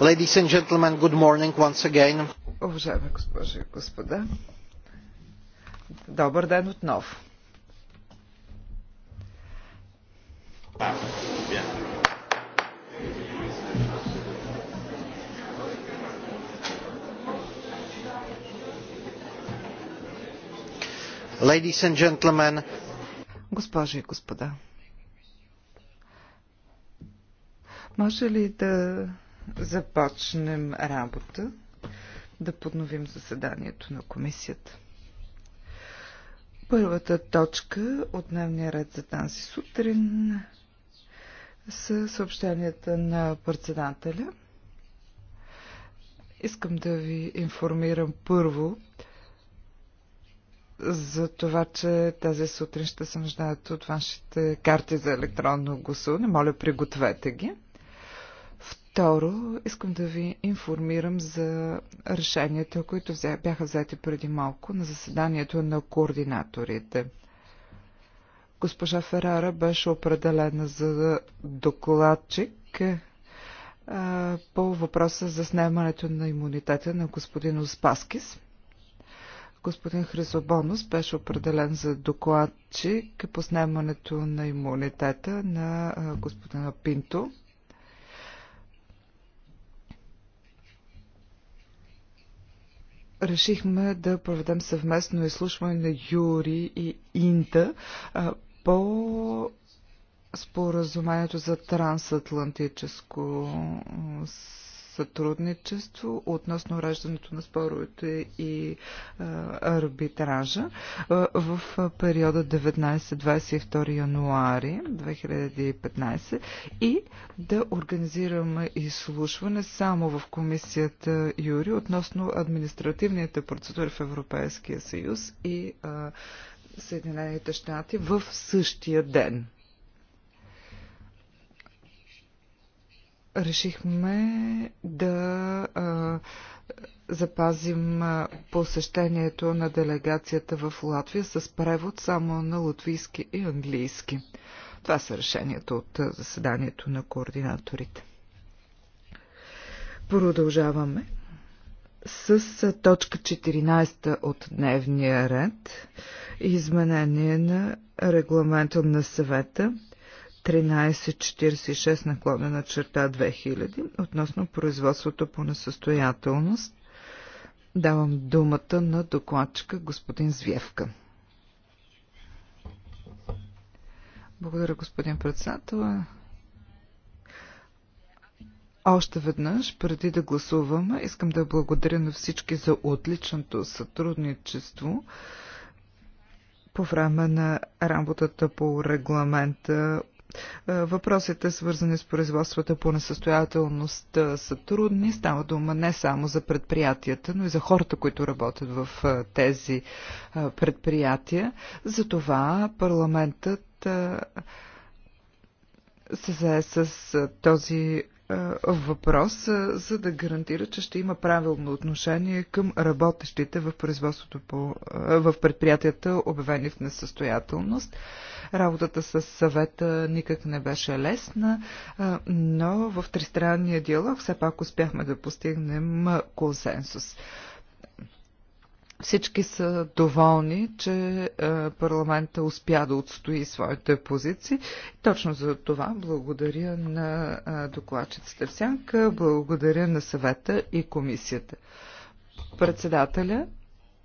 Ladies and gentlemen, good morning once again. Уважаеми госпожи и господа, добър ден отново. Ladies and gentlemen, госпожи и господа, Може ли да започнем работа, да подновим заседанието на комисията? Първата точка от дневния ред за тази сутрин са съобщенията на председателя. Искам да ви информирам първо, за това, че тази сутрин ще се нуждаят от вашите карти за електронно гласуване. Моля, пригответе ги. Второ, искам да ви информирам за решенията, които бяха взети преди малко на заседанието на координаторите. Госпожа Ферара беше определена за докладчик по въпроса за снемането на имунитета на господин Успаскис. Господин Хризобонус беше определен за докладчик по снемането на имунитета на господина Пинто. решихме да проведем съвместно изслушване на Юри и Инта по споразумението за трансатлантическо сътрудничество относно раждането на споровете и арбитража в периода 19-22 януари 2015 и да организираме изслушване само в комисията Юри относно административните процедури в Европейския съюз и Съединените щати в същия ден. решихме да а, запазим посещението на делегацията в Латвия с превод само на латвийски и английски. Това са решенията от заседанието на координаторите. Продължаваме с точка 14 от дневния ред изменение на регламента на съвета 1346 наклонена черта 2000 относно производството по несъстоятелност. Давам думата на докладчика господин Звевка. Благодаря, господин председател. Още веднъж, преди да гласуваме, искам да благодаря на всички за отличното сътрудничество по време на работата по регламента е, въпросите, свързани с производствата по несъстоятелност, е, са трудни. Става дума не само за предприятията, но и за хората, които работят в е, тези предприятия. Затова парламентът се зае с този въпрос, за да гарантира, че ще има правилно отношение към работещите в производството по, в предприятията, обявени в несъстоятелност. Работата с съвета никак не беше лесна, но в тристранния диалог все пак успяхме да постигнем консенсус всички са доволни, че парламента успя да отстои своите позиции. Точно за това благодаря на докладчицата Всянка, благодаря на съвета и комисията. Председателя,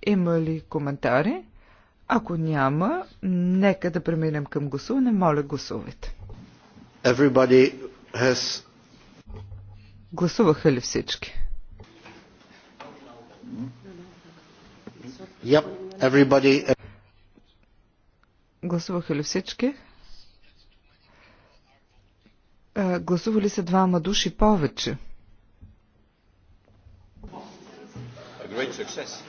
има ли коментари? Ако няма, нека да преминем към гласуване. Моля, гласувайте. Everybody has... Гласуваха ли всички? Yep, everybody... Гласуваха ли всички? гласували са двама души повече. A great success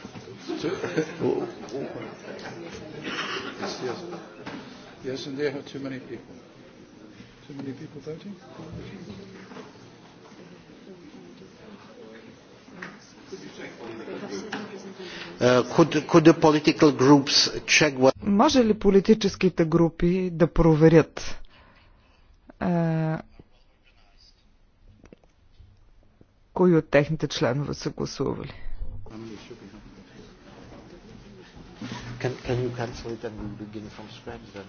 yes, and they have too many people. Too many people voting? Uh, Може ли политическите групи да проверят е, кои от техните членове са гласували? Can, can you cancel it and we'll begin from scratch then?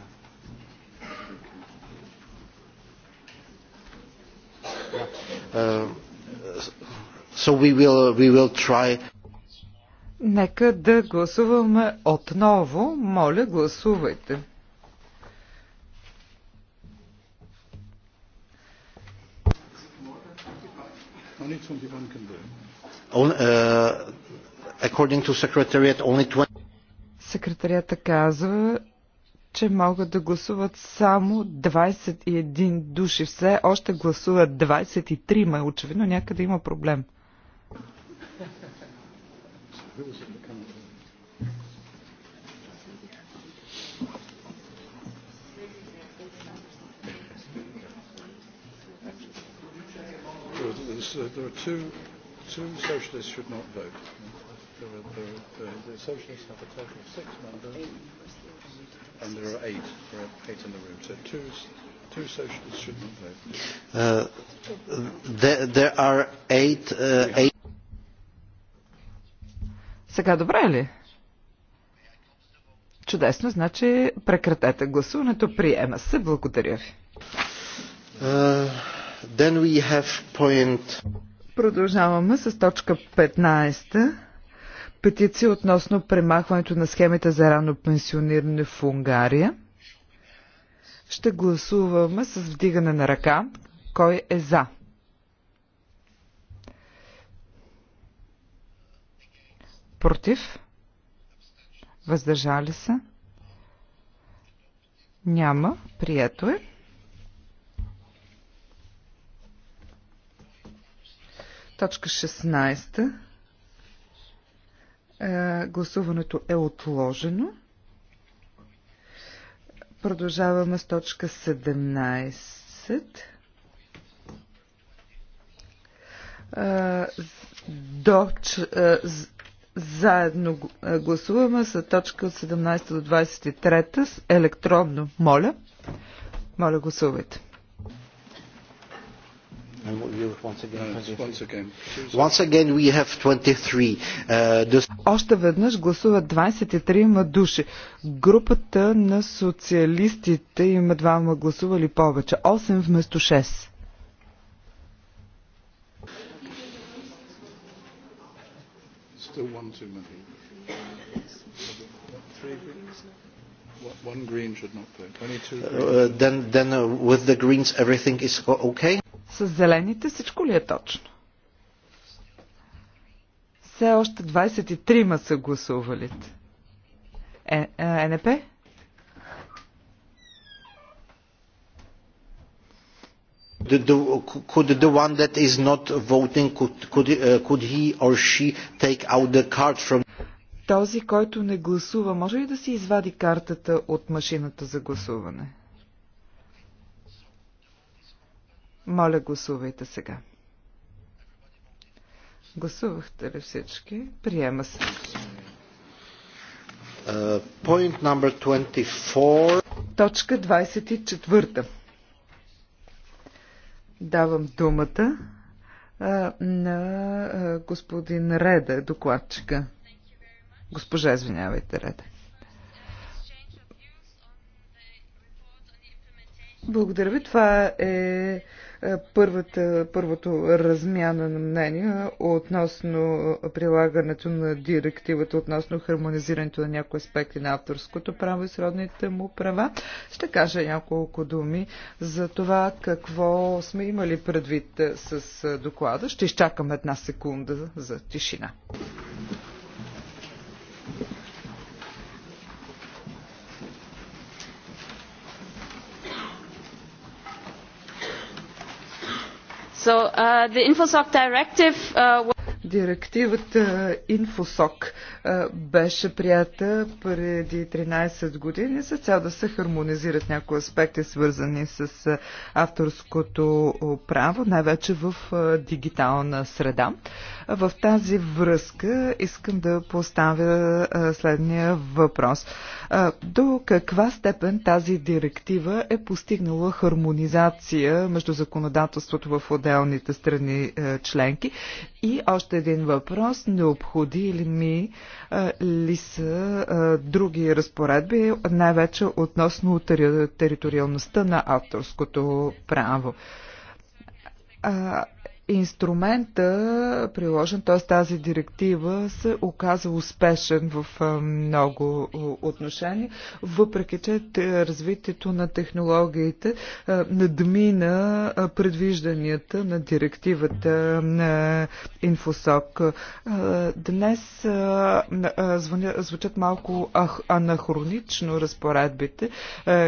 Yeah. Uh, so we will, we will try. Нека да гласуваме отново. Моля, гласувайте. Only, uh, according to secretariat, only 20 Секретарията казва, че могат да гласуват само 21 души. Все още гласуват 23, ма очевидно някъде има проблем. There are two, two socialists should not vote the, the, the socialists have a total of six members, and there are eight. There are eight in the room. So two, two socialists should not vote. Uh, there, there are eight, uh, eight. Сега добре ли? Чудесно, значи прекратете гласуването, приема се, благодаря ви. Uh, then we have point... Продължаваме с точка 15 петиция относно премахването на схемите за рано пенсиониране в Унгария. Ще гласуваме с вдигане на ръка. Кой е за? Против? Въздържали се? Няма. Прието е. Точка 16. Е, гласуването е отложено. Продължаваме с точка 17. Е, до, е, заедно гласуваме с точка от 17 до 23 с електронно. Моля. Моля, гласувайте. Още веднъж гласуват 23 души. Групата на социалистите има двама гласували повече. 8 вместо 6. Still one too many. Three greens now? One green should not vote. Then, then uh, with the greens, everything is okay? С зелените всичко ли е точно? Все още 23-ма са гласувалите. Е, е, НП? The, the, could the one that is not voting, could, could, uh, could he or she take out the card from... Този, който не гласува, може ли да си извади картата от машината за гласуване? Моля, гласувайте сега. Гласувахте ли всички? Приема се. Е, point number 24. Точка 24. Давам думата е, на е, господин Реда, докладчика. Госпожа, извинявайте, Реда. Благодаря ви. Това е е, първата, първото размяна на мнения относно прилагането на директивата, относно хармонизирането на някои аспекти на авторското право и сродните му права. Ще кажа няколко думи за това какво сме имали предвид е, с е, доклада. Ще изчакам една секунда за тишина. the infosoc directive Директивата Инфосок беше прията преди 13 години за цел да се хармонизират някои аспекти, свързани с авторското право, най-вече в дигитална среда. В тази връзка искам да поставя следния въпрос. До каква степен тази директива е постигнала хармонизация между законодателството в отделните страни членки и още един въпрос. Необходи ли са други разпоредби, най-вече относно териториалността на авторското право? инструмента, приложен, т.е. тази директива, се оказа успешен в много отношения, въпреки че развитието на технологиите надмина предвижданията на директивата на Инфосок. Днес звучат малко анахронично разпоредбите,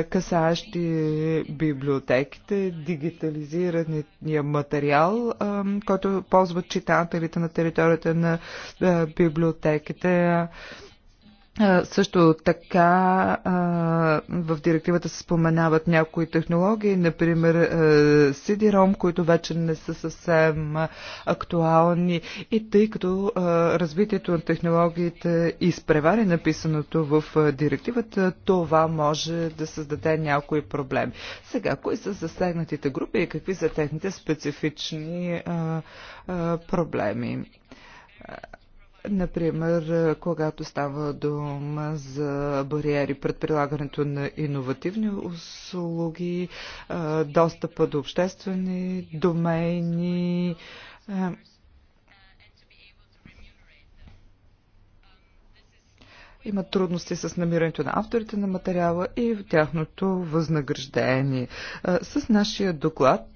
касаещи библиотеките, дигитализирания материал, който ползват читателите на територията на библиотеките. Също така в директивата се споменават някои технологии, например CD-ROM, които вече не са съвсем актуални и тъй като развитието на технологиите изпревари написаното в директивата, това може да създаде някои проблеми. Сега, кои са засегнатите групи и какви са техните специфични проблеми? Например, когато става дума за бариери пред прилагането на иновативни услуги, достъпа до обществени домейни, имат трудности с намирането на авторите на материала и в тяхното възнаграждение. С нашия доклад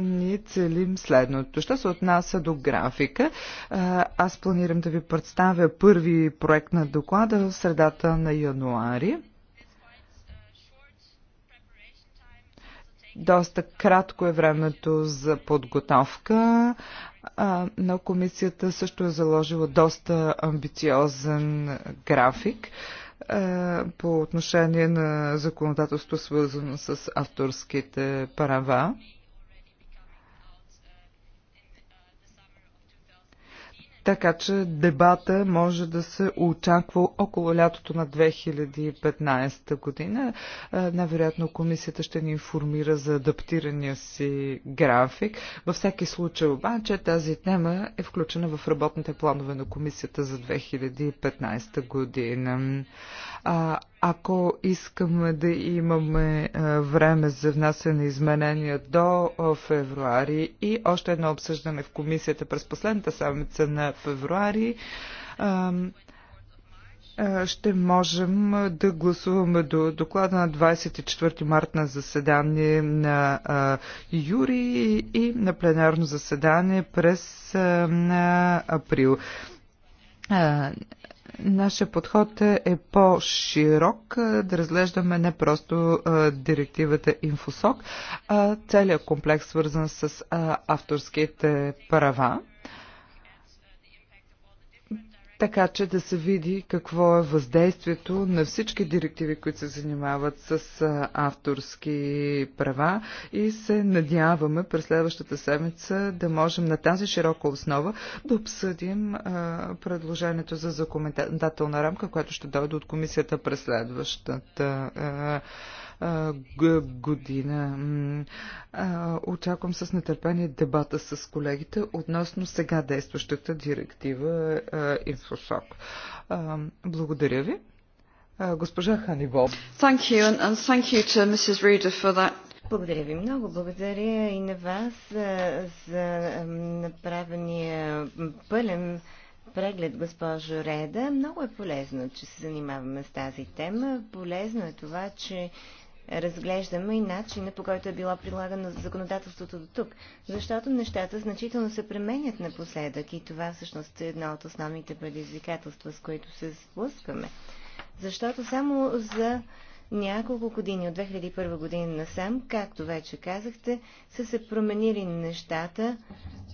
ние целим следното. Що се отнася до графика, аз планирам да ви представя първи проект на доклада в средата на януари. Доста кратко е времето за подготовка, но комисията също е заложила доста амбициозен график по отношение на законодателство, свързано с авторските права. така че дебата може да се очаква около лятото на 2015 година. Е, най-вероятно комисията ще ни информира за адаптирания си график. Във всеки случай обаче тази тема е включена в работните планове на комисията за 2015 година. А, ако искаме да имаме е, време за внасяне на изменения до е, февруари и още едно обсъждане в комисията през последната седмица на февруари ще можем да гласуваме до доклада на 24 март на заседание на Юри и на пленарно заседание през април. Нашия подход е по-широк, да разглеждаме не просто директивата Инфосок, а целият комплекс, свързан с авторските права така че да се види какво е въздействието на всички директиви, които се занимават с авторски права и се надяваме през следващата седмица да можем на тази широка основа да обсъдим предложението за законодателна рамка, което ще дойде от комисията през следващата година. Очаквам с нетърпение дебата с колегите относно сега действащата директива Инфосок. Благодаря ви. Госпожа Ханибол. Благодаря ви много. Благодаря и на вас за, за направения пълен преглед, госпожо Реда. Много е полезно, че се занимаваме с тази тема. Полезно е това, че разглеждаме и начина по който е било прилагано законодателството до тук, защото нещата значително се пременят напоследък и това всъщност е едно от основните предизвикателства, с които се сблъскваме. Защото само за няколко години, от 2001 година насам, както вече казахте, са се променили нещата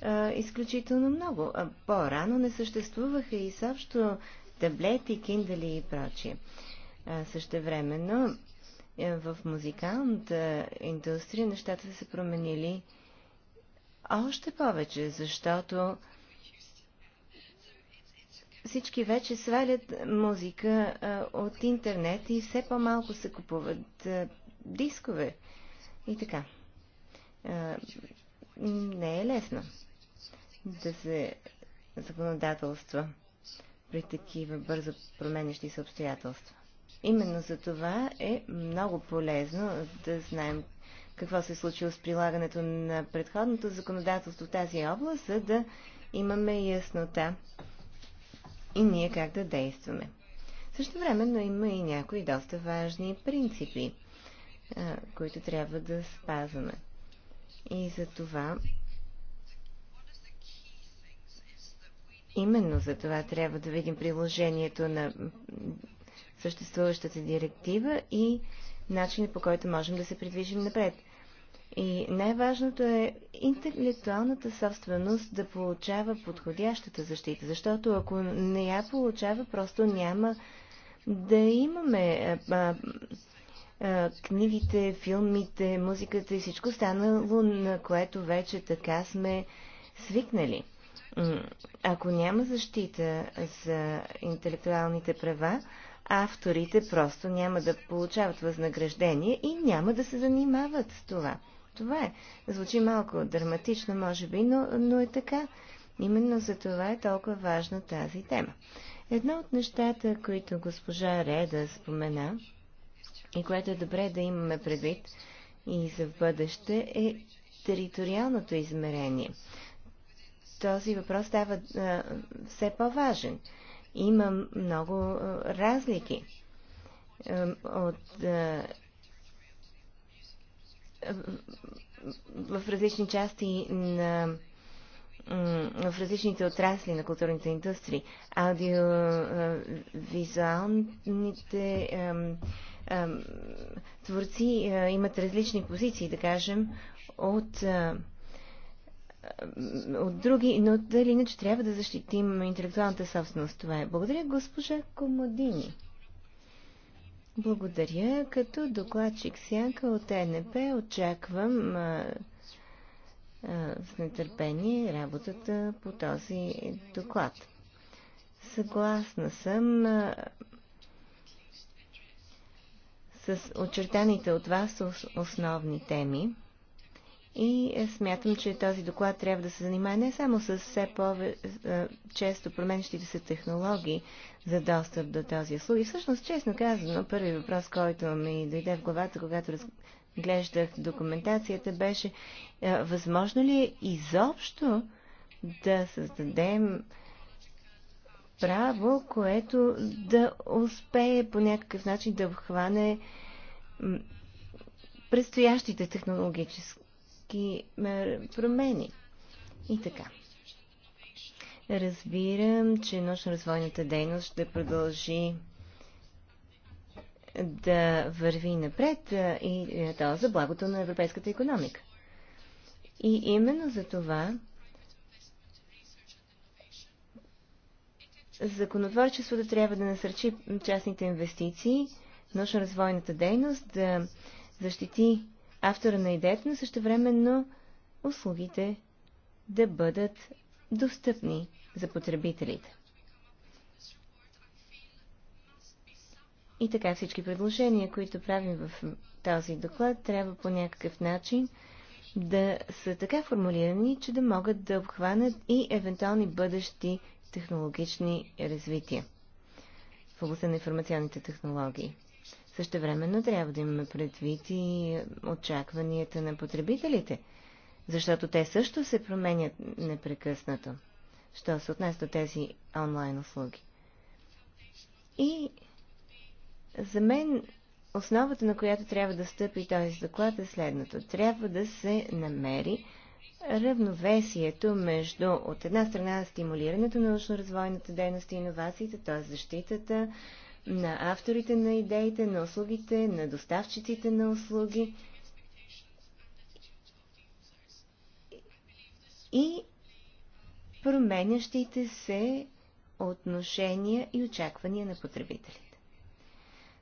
а, изключително много. по-рано не съществуваха и съобщо таблети, киндали и прочие. също времено, е, в музикалната индустрия нещата са се променили още повече, защото всички вече свалят музика от интернет и все по-малко се купуват дискове. И така. не е лесно да се законодателства при такива бързо променящи се обстоятелства. Именно за това е много полезно да знаем какво се е случило с прилагането на предходното законодателство в тази област, за да имаме яснота и ние как да действаме. Също времено има и някои доста важни принципи, които трябва да спазваме. И за това Именно за това трябва да видим приложението на съществуващата директива и начина по който можем да се придвижим напред. И най-важното е интелектуалната собственост да получава подходящата защита, защото ако не я получава, просто няма да имаме а, а, книгите, филмите, музиката и всичко станало, на което вече така сме свикнали. Ако няма защита за интелектуалните права, авторите просто няма да получават възнаграждение и няма да се занимават с това. Това е. Звучи малко драматично, може би, но, но е така. Именно за това е толкова важна тази тема. Едно от нещата, които госпожа Реда спомена, и което е добре да имаме предвид и за в бъдеще, е териториалното измерение. Този въпрос става а, все по-важен има много разлики от, в различни части на в различните отрасли на културните индустрии. Аудиовизуалните творци имат различни позиции, да кажем, от от други, но дали иначе трябва да защитим интелектуалната собственост. Това е. Благодаря, госпожа Комодини. Благодаря. Като докладчик Сянка от ЕНП очаквам а, а, с нетърпение работата по този доклад. Съгласна съм а, с очертаните от вас основни теми. И е, смятам, че този доклад трябва да се занимае не само с все по-често е, променящите се технологии за достъп до този услуг. И всъщност, честно казано, първи въпрос, който ми дойде в главата, когато разглеждах документацията, беше е, възможно ли е изобщо да създадем право, което да успее по някакъв начин да обхване предстоящите технологически всички е, промени. И така. Разбирам, че научно-развойната дейност ще продължи да върви напред е, и е, то за благото на европейската економика. И именно за това законотворчеството трябва да насърчи частните инвестиции, научно-развойната дейност, да защити автора на идеята, но същевременно услугите да бъдат достъпни за потребителите. И така всички предложения, които правим в този доклад, трябва по някакъв начин да са така формулирани, че да могат да обхванат и евентуални бъдещи технологични развития в областта на информационните технологии. Същевременно трябва да имаме предвид и очакванията на потребителите, защото те също се променят непрекъснато, що се отнася до тези онлайн услуги. И за мен основата, на която трябва да стъпи този доклад е следното. Трябва да се намери равновесието между от една страна стимулирането на научно-развойната дейност и иновациите, т.е. защитата на авторите на идеите, на услугите, на доставчиците на услуги и променящите се отношения и очаквания на потребителите.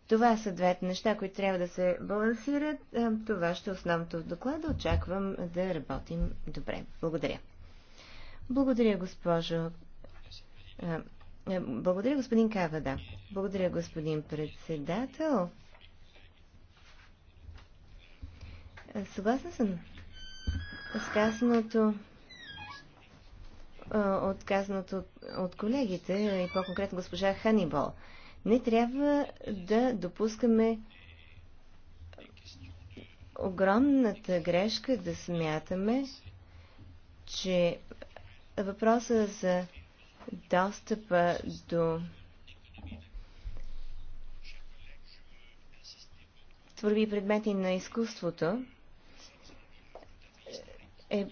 Това са двете неща, които трябва да се балансират. Това ще е основното в доклада. Очаквам да работим добре. Благодаря. Благодаря, госпожо е, благодаря, господин Кавада. Благодаря, господин председател. Е, съгласна съм с казаното е, от казаното от колегите и по-конкретно госпожа Ханибол. Не трябва да допускаме огромната грешка да смятаме, че въпроса за достъпа до творби предмети на изкуството е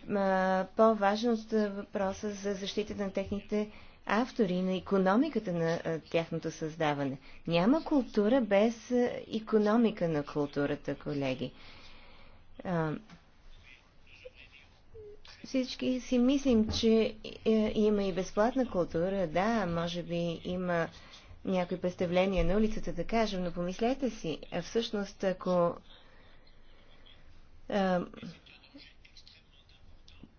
по-важен от въпроса за защита на техните автори, на економиката на тяхното създаване. Няма култура без економика на културата, колеги. А, всички си мислим, че е, има и безплатна култура. Да, може би има някои представления на улицата, да кажем, но помислете си, а всъщност ако а,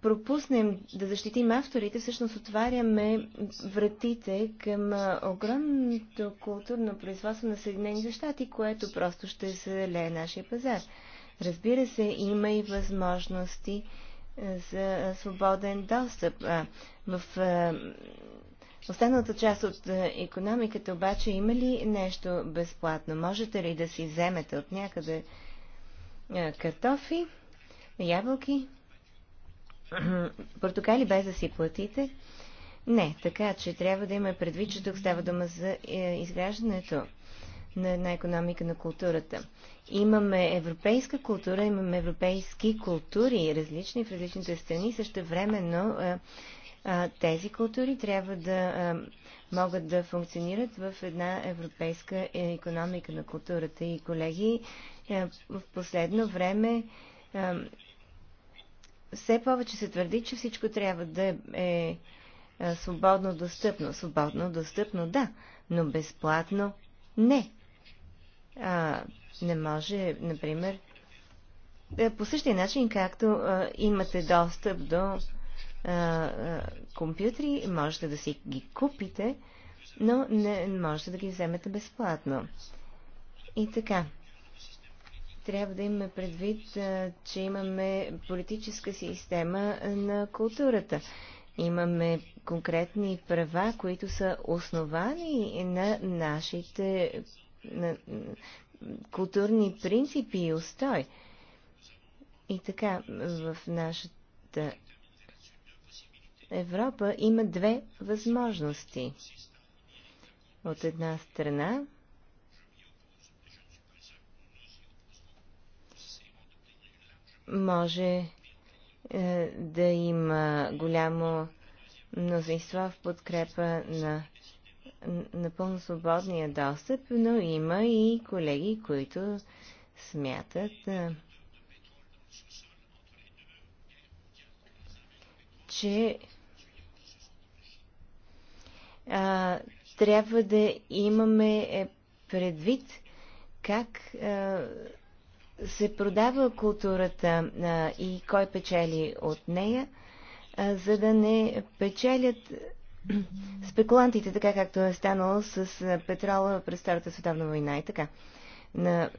пропуснем да защитим авторите, всъщност отваряме вратите към огромното културно производство на Съединените щати, което просто ще залее нашия пазар. Разбира се, има и възможности за свободен достъп. В останалата част от економиката обаче има ли нещо безплатно? Можете ли да си вземете от някъде картофи, ябълки, портокали без да си платите? Не, така че трябва да има предвид, че тук става дума за е, изграждането на една економика на културата. Имаме европейска култура, имаме европейски култури, различни в различните страни, също времено тези култури трябва да могат да функционират в една европейска економика на културата. И колеги, в последно време все повече се твърди, че всичко трябва да е свободно достъпно. Свободно достъпно, да, но безплатно не. А, не може, например, е, по същия начин, както а, имате достъп до а, а, компютри, можете да си ги купите, но не можете да ги вземете безплатно. И така, трябва да имаме предвид, а, че имаме политическа система на културата. Имаме конкретни права, които са основани на нашите културни принципи и устой. И така, в нашата Европа има две възможности. От една страна, може е, да има голямо мнозинство в подкрепа на напълно свободния достъп, но има и колеги, които смятат, че а, трябва да имаме е, предвид как а, се продава културата а, и кой печели от нея, а, за да не печелят спекулантите, така както е станало с петрола през Втората световна война и така. На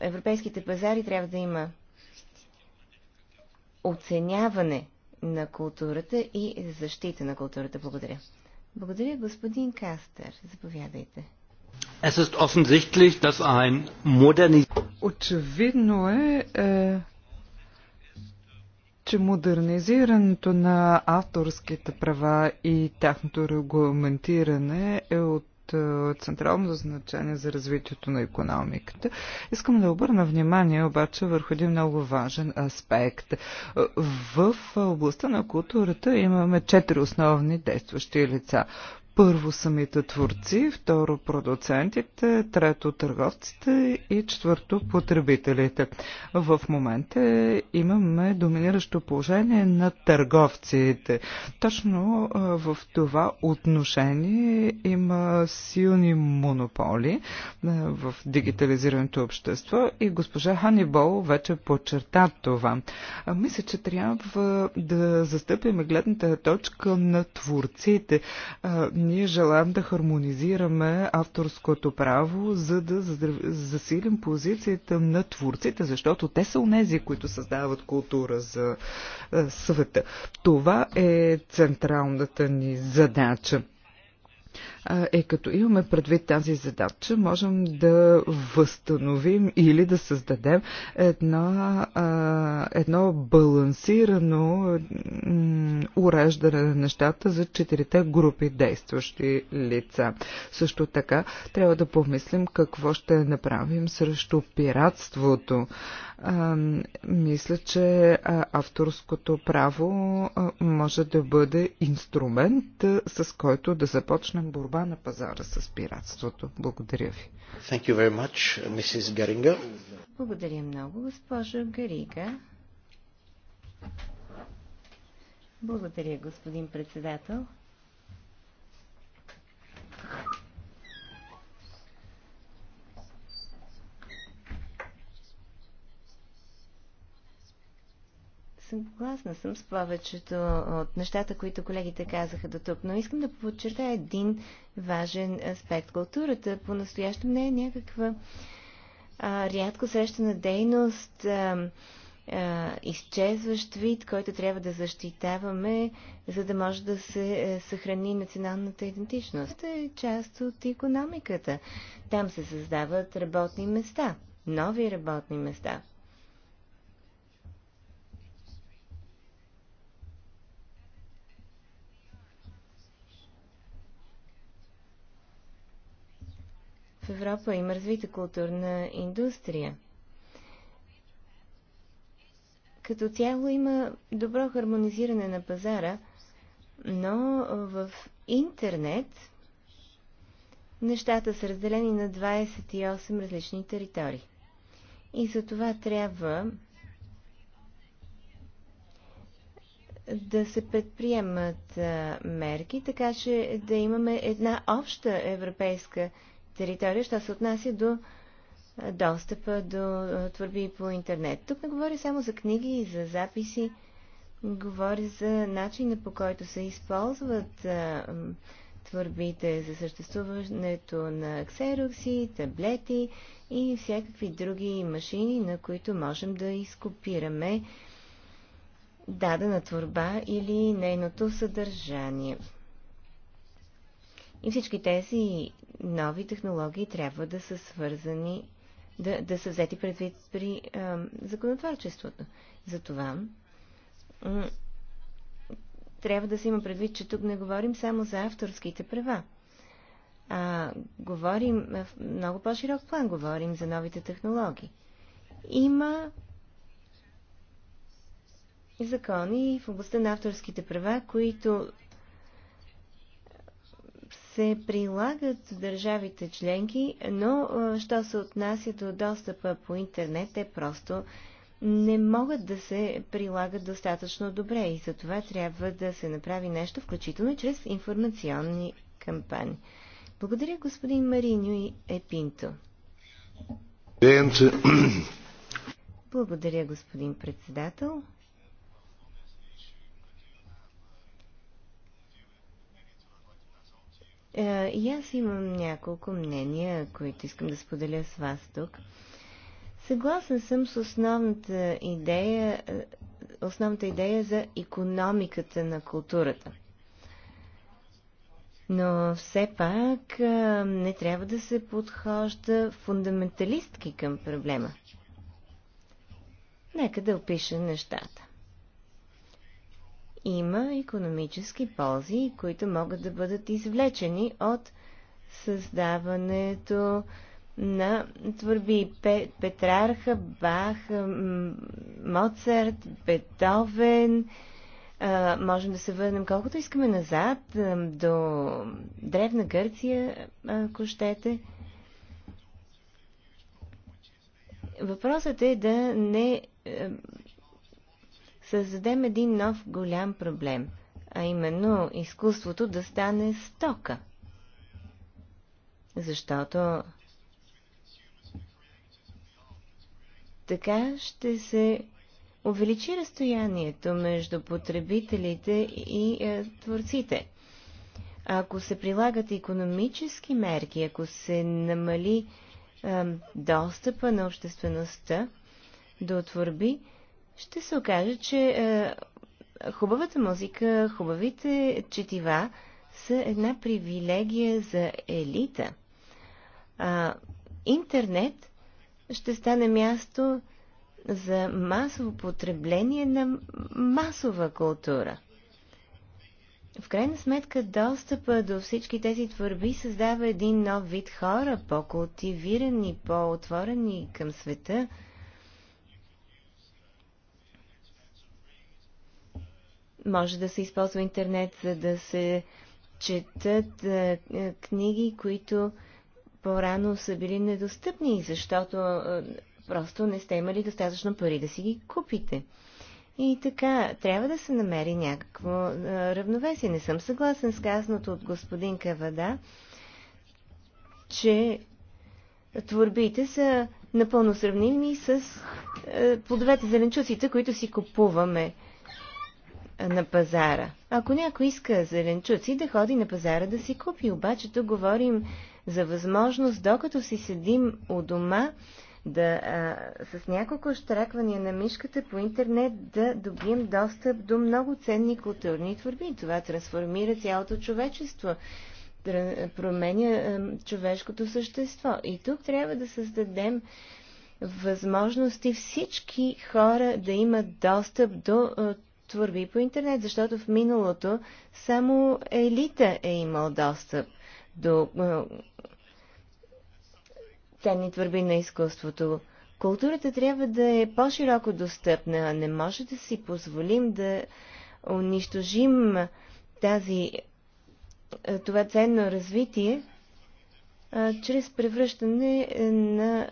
европейските пазари трябва да има оценяване на културата и защита на културата. Благодаря. Благодаря, господин Кастер. Заповядайте. Очевидно е, е че модернизирането на авторските права и тяхното регламентиране е от е, централно значение за развитието на економиката. Искам да обърна внимание обаче върху един много важен аспект. В областта на културата имаме четири основни действащи лица. Първо самите творци, второ продуцентите, трето търговците и четвърто потребителите. В момента имаме доминиращо положение на търговците. Точно в това отношение има силни монополи в дигитализираното общество и госпожа Ханибол вече подчерта това. Мисля, че трябва да застъпим гледната точка на творците ние желаем да хармонизираме авторското право, за да засилим позицията на творците, защото те са унези, които създават култура за е, света. Това е централната ни задача е като имаме предвид тази задача, можем да възстановим или да създадем едно, едно балансирано уреждане на нещата за четирите групи действащи лица. Също така трябва да помислим какво ще направим срещу пиратството. Мисля, че авторското право може да бъде инструмент, с който да започнем борба борба на пазара с пиратството. Благодаря ви. Thank you very much, Mrs. Благодаря много, госпожо Гарига. Благодаря, господин председател. Съгласна съм с повечето от нещата, които колегите казаха до тук, но искам да подчертая един важен аспект. Културата по-настоящем не е някаква а, рядко срещана дейност, а, а, изчезващ вид, който трябва да защитаваме, за да може да се е, съхрани националната идентичност. Това е част от економиката. Там се създават работни места, нови работни места. в Европа има развита културна индустрия. Като цяло има добро хармонизиране на пазара, но в интернет нещата са разделени на 28 различни територии. И за това трябва да се предприемат мерки, така че да имаме една обща европейска територия, що се отнася до достъпа до творби по интернет. Тук не говори само за книги и за записи, говори за начина по който се използват творбите за съществуването на ксерокси, таблети и всякакви други машини, на които можем да изкопираме дадена творба или нейното съдържание. И всички тези нови технологии трябва да са свързани, да, да са взети предвид при а, законотворчеството. Затова трябва да се има предвид, че тук не говорим само за авторските права. А, говорим в много по-широк план, говорим за новите технологии. Има закони в областта на авторските права, които се прилагат в държавите членки, но що се отнася до достъпа по интернет, те просто не могат да се прилагат достатъчно добре и за това трябва да се направи нещо, включително чрез информационни кампании. Благодаря господин Мариньо и Епинто. Благодаря господин председател. Е, и аз имам няколко мнения, които искам да споделя с вас тук. Съгласна съм с основната идея, е, основната идея за економиката на културата. Но все пак е, не трябва да се подхожда фундаменталистки към проблема. Нека да опиша нещата има економически ползи, които могат да бъдат извлечени от създаването на творби Петрарха, Бах, Моцарт, Бетовен. Можем да се върнем колкото искаме назад до Древна Гърция, ако щете. Въпросът е да не създадем един нов голям проблем, а именно изкуството да стане стока. Защото така ще се увеличи разстоянието между потребителите и е, творците. Ако се прилагат економически мерки, ако се намали е, достъпа на обществеността до творби, ще се окаже, че е, хубавата музика, хубавите четива са една привилегия за елита. А, интернет ще стане място за масово потребление на масова култура. В крайна сметка, достъпа до всички тези творби създава един нов вид хора, по-култивирани, по-отворени към света – Може да се използва интернет, за да се четат е, е, книги, които по-рано са били недостъпни, защото е, просто не сте имали достатъчно пари да си ги купите. И така, трябва да се намери някакво равновесие. Не съм съгласен с казаното от господин Кавада, че творбите са напълно сравними с плодовете зеленчуците, които си купуваме на пазара. Ако някой иска зеленчуци, да ходи на пазара да си купи. Обаче тук говорим за възможност, докато си седим у дома, да, а, с няколко штраквания на мишката по интернет да добием достъп до много ценни културни творби. Това трансформира цялото човечество, променя а, човешкото същество. И тук трябва да създадем възможности всички хора да имат достъп до а, върви по интернет, защото в миналото само елита е имал достъп до е, ценни твърби на изкуството. Културата трябва да е по-широко достъпна. Не може да си позволим да унищожим тази, е, това ценно развитие а, е, чрез превръщане на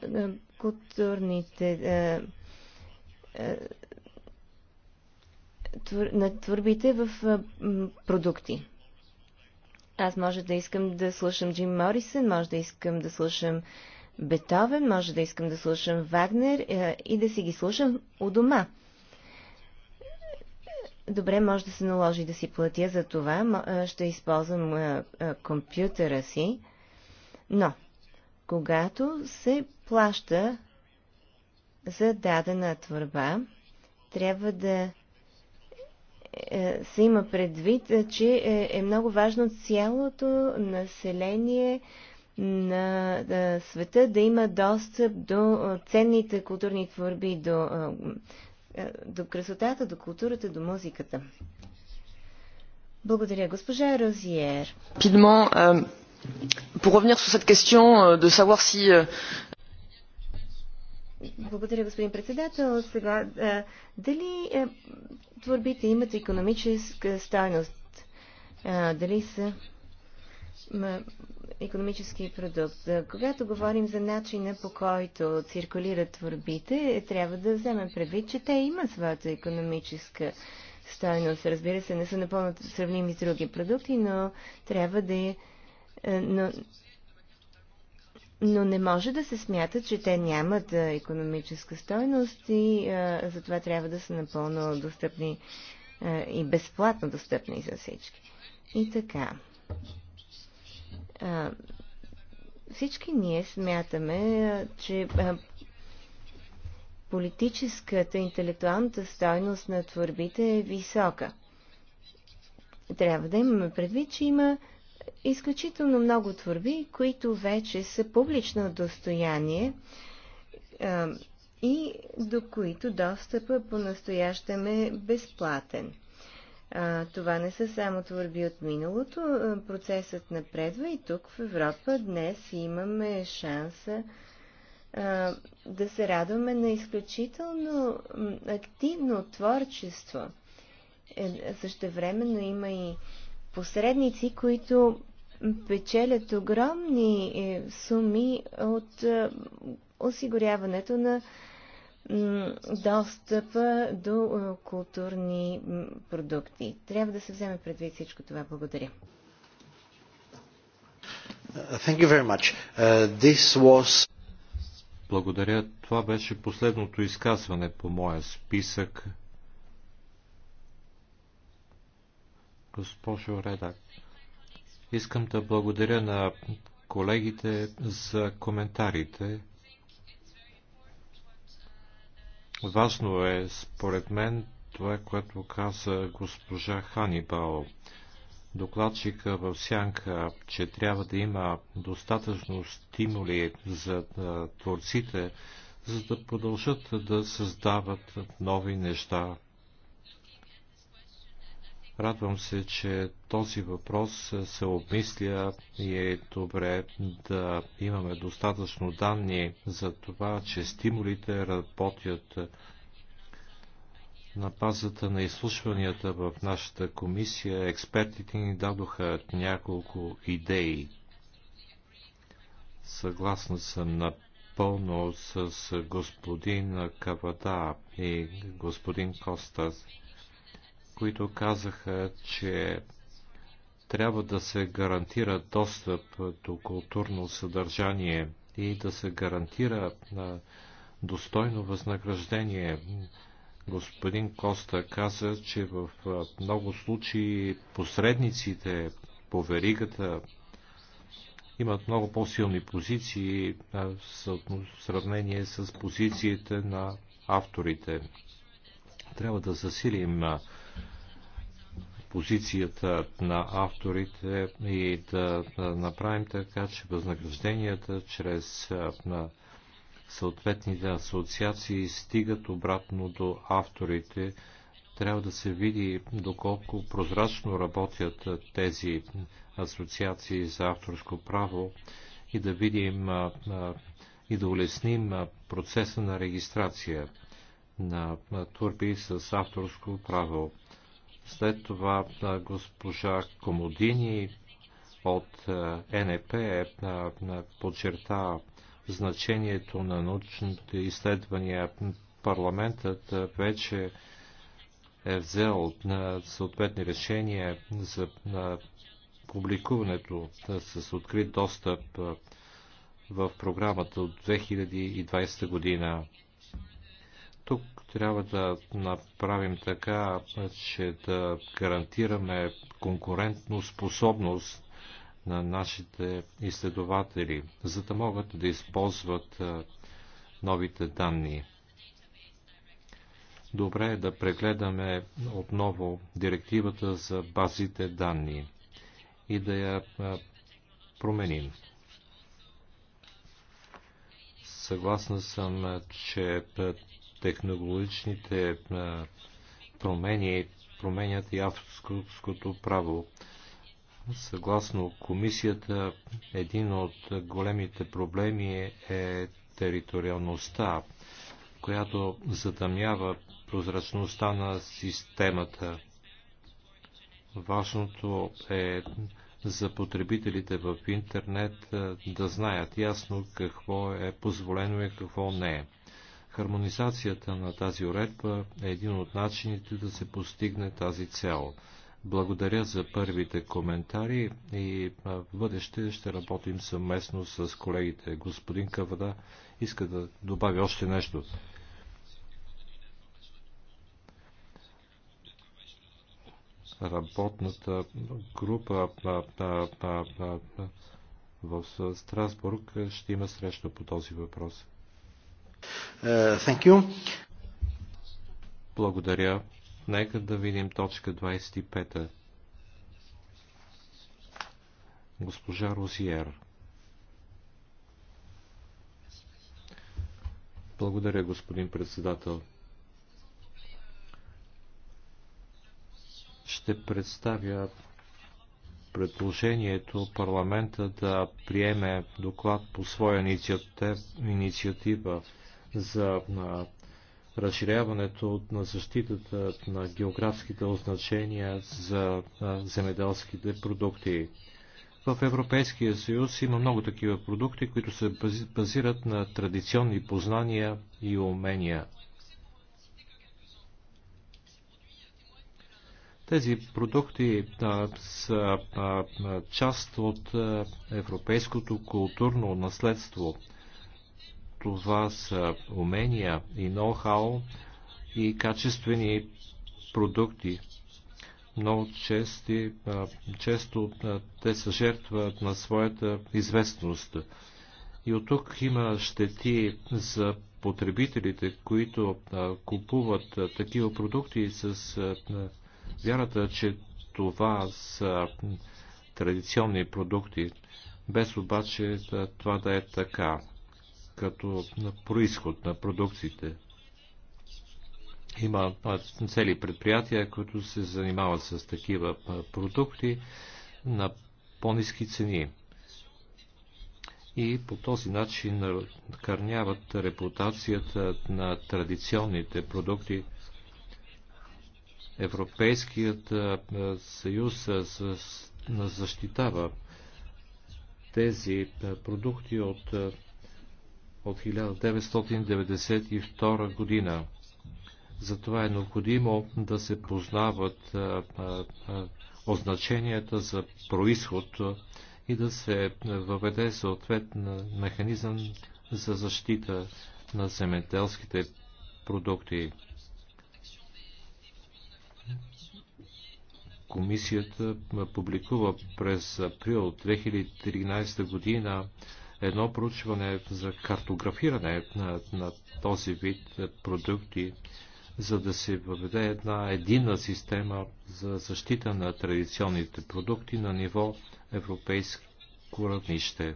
културните а, а, на твърбите в продукти. Аз може да искам да слушам Джим Морисън, може да искам да слушам Бетовен, може да искам да слушам Вагнер и да си ги слушам у дома. Добре, може да се наложи да си платя за това. Ще използвам компютъра си. Но, когато се плаща за дадена творба, трябва да е, се има предвид, е, че е, е много важно цялото население на света да има достъп до ценните културни творби, до, до красотата, до културата, до музиката. Благодаря, госпожа Розиер. Пидмон, euh, pour revenir sur cette question euh, de savoir si euh, благодаря, господин председател. Сега, а, е, дали а, е, творбите имат економическа стойност? А, е, дали са а, економически продукт? А, когато говорим за начина по който циркулират творбите, трябва да вземем предвид, че те имат своята економическа стойност. Разбира се, не са напълно сравними с други продукти, но трябва да е но но не може да се смята, че те нямат економическа стойност и а, затова трябва да са напълно достъпни а, и безплатно достъпни за всички. И така. А, всички ние смятаме, че а, политическата, интелектуалната стойност на творбите е висока. Трябва да имаме предвид, че има изключително много творби, които вече са публично достояние и до които достъпа по-настоящем е безплатен. това не са само творби от миналото, процесът напредва и тук в Европа днес имаме шанса да се радваме на изключително активно творчество. Е, същевременно има и посредници, които печелят огромни е, суми от е, осигуряването на достъпа до е, културни продукти. Трябва да се вземе предвид всичко това. Благодаря. Thank you very much. Uh, this was... Благодаря. Това беше последното изказване по моя списък. госпожо Редак, Искам да благодаря на колегите за коментарите. Важно е, според мен, това, което каза госпожа Ханибал, докладчика в сянка, че трябва да има достатъчно стимули за творците, за да продължат да създават нови неща. Радвам се, че този въпрос се обмисля и е добре да имаме достатъчно данни за това, че стимулите работят на базата на изслушванията в нашата комисия. Експертите ни дадоха няколко идеи. Съгласна съм на пълно с господин Кавада и господин Костас които казаха, че трябва да се гарантира достъп до културно съдържание и да се гарантира на достойно възнаграждение. Господин Коста каза, че в много случаи посредниците по веригата имат много по-силни позиции в сравнение с позициите на авторите. Трябва да засилим позицията на авторите и да направим така, че възнагражденията чрез на съответните асоциации стигат обратно до авторите. Трябва да се види доколко прозрачно работят тези асоциации за авторско право и да видим и да улесним процеса на регистрация на турби с авторско право. След това госпожа Комодини от НЕП е, подчерта значението на научните изследвания. Парламентът вече е взел на съответни решения за публикуването с открит достъп в програмата от 2020 година. Тук трябва да направим така, че да гарантираме конкурентно способност на нашите изследователи, за да могат да използват новите данни. Добре е да прегледаме отново директивата за базите данни и да я променим. Съгласна съм, че технологичните промени променят и авторското право. Съгласно комисията, един от големите проблеми е териториалността, която затъмнява прозрачността на системата. Важното е за потребителите в интернет да знаят ясно какво е позволено и какво не е. Хармонизацията на тази уредба е един от начините да се постигне тази цел. Благодаря за първите коментари и в бъдеще ще работим съвместно с колегите. Господин Кавада иска да добави още нещо. Работната група в Страсбург ще има среща по този въпрос. Uh, thank you. Благодаря. Нека да видим точка 25. Госпожа Розиер. Благодаря, господин председател. Ще представя предложението парламента да приеме доклад по своя инициатива за на разширяването на защитата на географските означения за земеделските продукти. В Европейския съюз има много такива продукти, които се базират на традиционни познания и умения. Тези продукти а, са а, част от а, европейското културно наследство това са умения и ноу-хау и качествени продукти. Много чести, често те са жертва на своята известност. И от тук има щети за потребителите, които купуват такива продукти с вярата, че това са традиционни продукти, без обаче това да е така като на происход на продукциите. Има цели предприятия, които се занимават с такива продукти на по-низки цени и по този начин накърняват репутацията на традиционните продукти. Европейският съюз защитава тези продукти от от 1992 година. Затова е необходимо да се познават означенията за происход и да се въведе съответен механизъм за защита на земеделските продукти. Комисията публикува през април 2013 година едно проучване за картографиране на, на този вид продукти, за да се въведе една единна система за защита на традиционните продукти на ниво европейско равнище.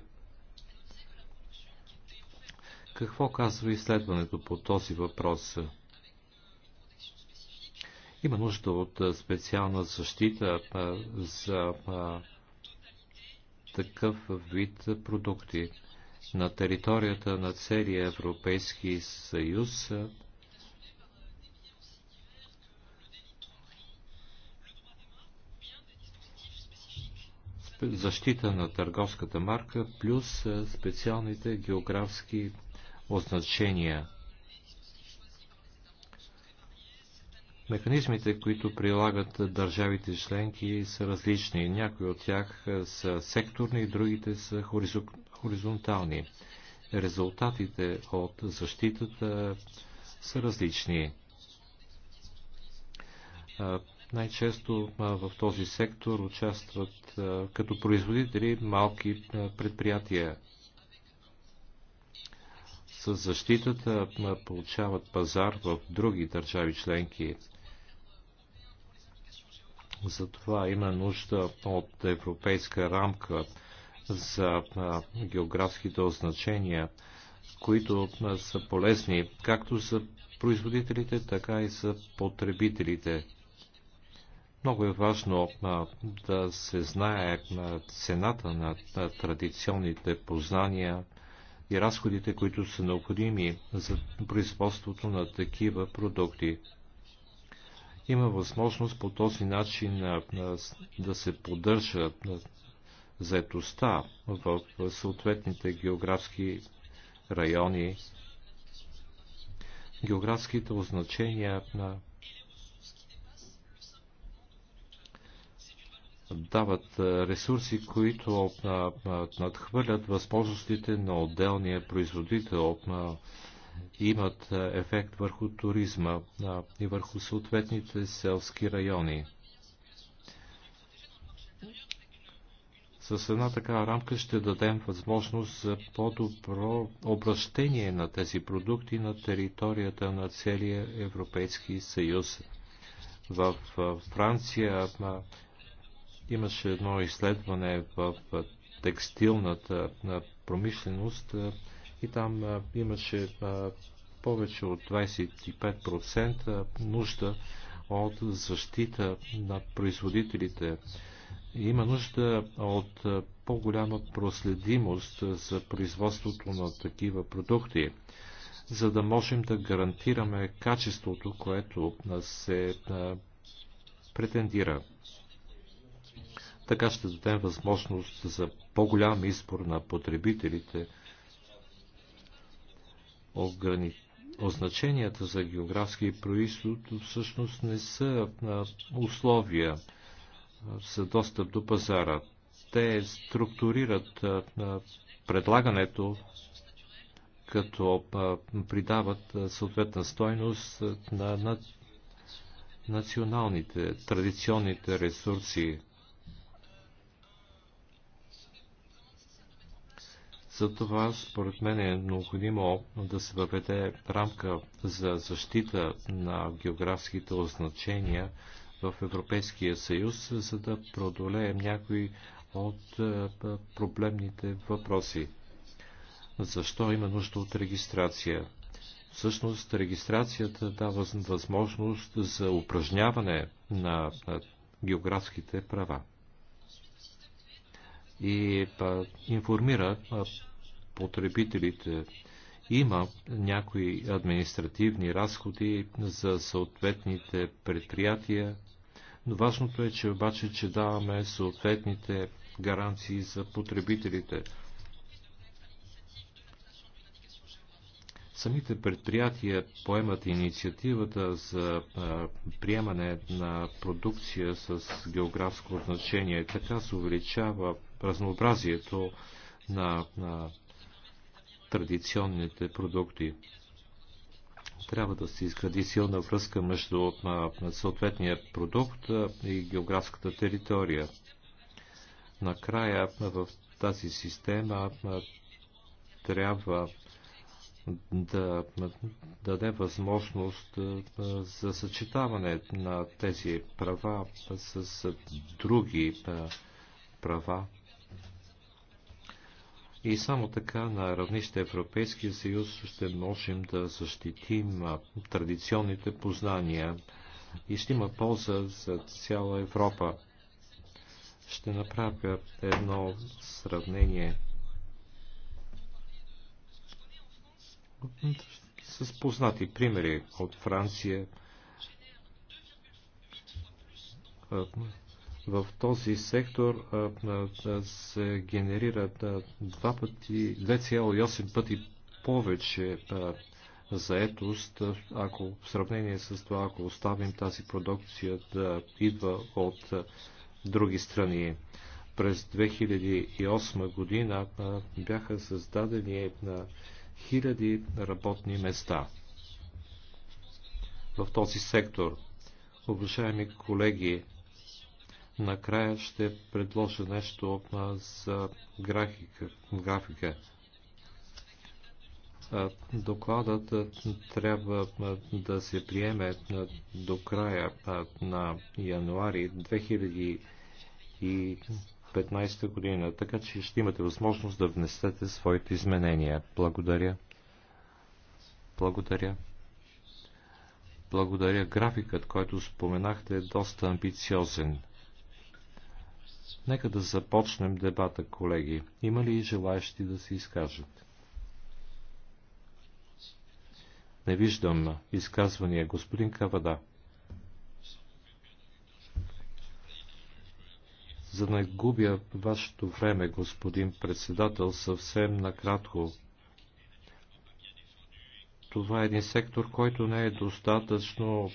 Какво казва изследването по този въпрос? Има нужда от специална защита за такъв вид продукти. На територията на целия Европейски съюз защита на търговската марка плюс специалните географски означения. Механизмите, които прилагат държавите членки, са различни. Някои от тях е, са секторни, другите са хоризонтални. Резултатите от защитата са различни. Е, най-често е, в този сектор участват като производители малки предприятия. С защитата получават пазар в други държави членки затова има нужда от европейска рамка за географските означения, които са полезни както за производителите, така и за потребителите. Много е важно да се знае цената на традиционните познания и разходите, които са необходими за производството на такива продукти има възможност по този начин да се поддържа заетостта в съответните географски райони. Географските означения на дават ресурси, които надхвърлят възможностите на отделния производител имат ефект върху туризма и върху съответните селски райони. С една така рамка ще дадем възможност за по-добро обращение на тези продукти на територията на целия Европейски съюз. В Франция имаше едно изследване в текстилната промишленост, и там имаше повече от 25% нужда от защита на производителите. Има нужда от по-голяма проследимост за производството на такива продукти, за да можем да гарантираме качеството, което се претендира. Така ще дадем възможност за по-голям избор на потребителите – ограни... означенията за географски происход всъщност не са на условия за достъп до пазара. Те структурират предлагането като придават съответна стойност на националните, традиционните ресурси. Затова според мен е необходимо да се въведе рамка за защита на географските означения в Европейския съюз, за да продолеем някои от е, проблемните въпроси. Защо има нужда от регистрация? Всъщност регистрацията дава възможност за упражняване на е, географските права и информира потребителите. Има някои административни разходи за съответните предприятия, но важното е, че обаче, че даваме съответните гаранции за потребителите. Самите предприятия поемат инициативата за приемане на продукция с географско значение. Така се увеличава разнообразието на, на традиционните продукти. Трябва да се изгради силна връзка между на, на съответния продукт и географската територия. Накрая в тази система трябва да даде възможност за съчетаване на тези права с други права и само така на равнище Европейския съюз ще можем да защитим традиционните познания и ще има полза за цяла Европа. Ще направя едно сравнение с познати примери от Франция в този сектор се генерират 2,8 пъти повече заетост, ако в сравнение с това, ако оставим тази продукция да идва от други страни. През 2008 година бяха създадени на хиляди работни места в този сектор. Уважаеми колеги, Накрая ще предложа нещо за графика. графика. Докладът трябва да се приеме до края на януари 2015 година, така че ще имате възможност да внесете своите изменения. Благодаря. Благодаря. Благодаря. Графикът, който споменахте, е доста амбициозен. Нека да започнем дебата, колеги. Има ли желаещи да се изкажат? Не виждам изказвания. Господин Кавада. За да не губя вашето време, господин председател, съвсем накратко. Това е един сектор, който не е достатъчно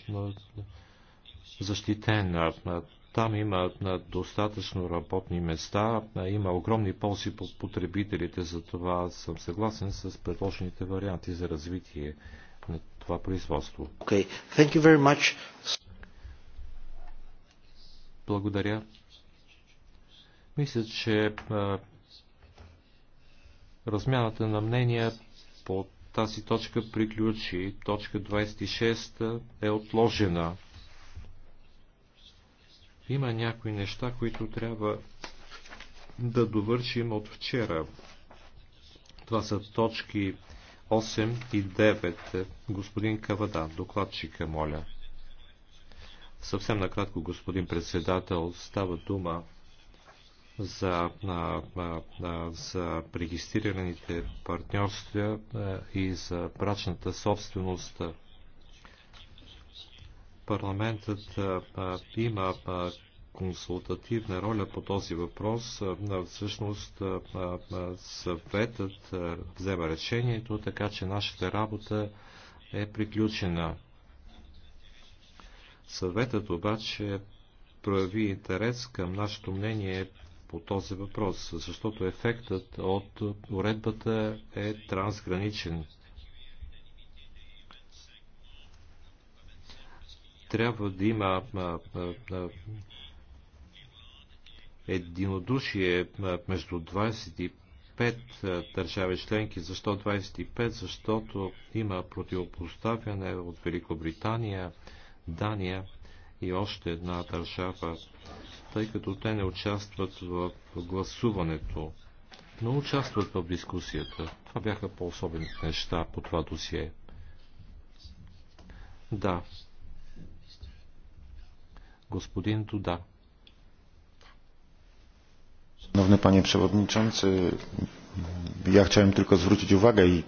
защитен. Там има достатъчно работни места, има огромни ползи по потребителите, за това съм съгласен с предложените варианти за развитие на това производство. Okay. Thank you very much. Благодаря. Мисля, че а, размяната на мнения по тази точка приключи. Точка 26 е отложена. Има някои неща, които трябва да довършим от вчера. Това са точки 8 и 9. Господин Кавада, докладчика, моля. Съвсем накратко, господин председател, става дума за, на, на, за регистрираните партньорства и за брачната собственост парламентът има консултативна роля по този въпрос. Всъщност съветът взема решението, така че нашата работа е приключена. Съветът обаче прояви интерес към нашето мнение по този въпрос, защото ефектът от уредбата е трансграничен. трябва да има единодушие между 25 държави членки. Защо 25? Защото има противопоставяне от Великобритания, Дания и още една държава, тъй като те не участват в гласуването, но участват в дискусията. Това бяха по-особени неща по това досие. Да, господин Дуда. Szanowny panie przewodniczący, ja chciałem только zwrócić увага и...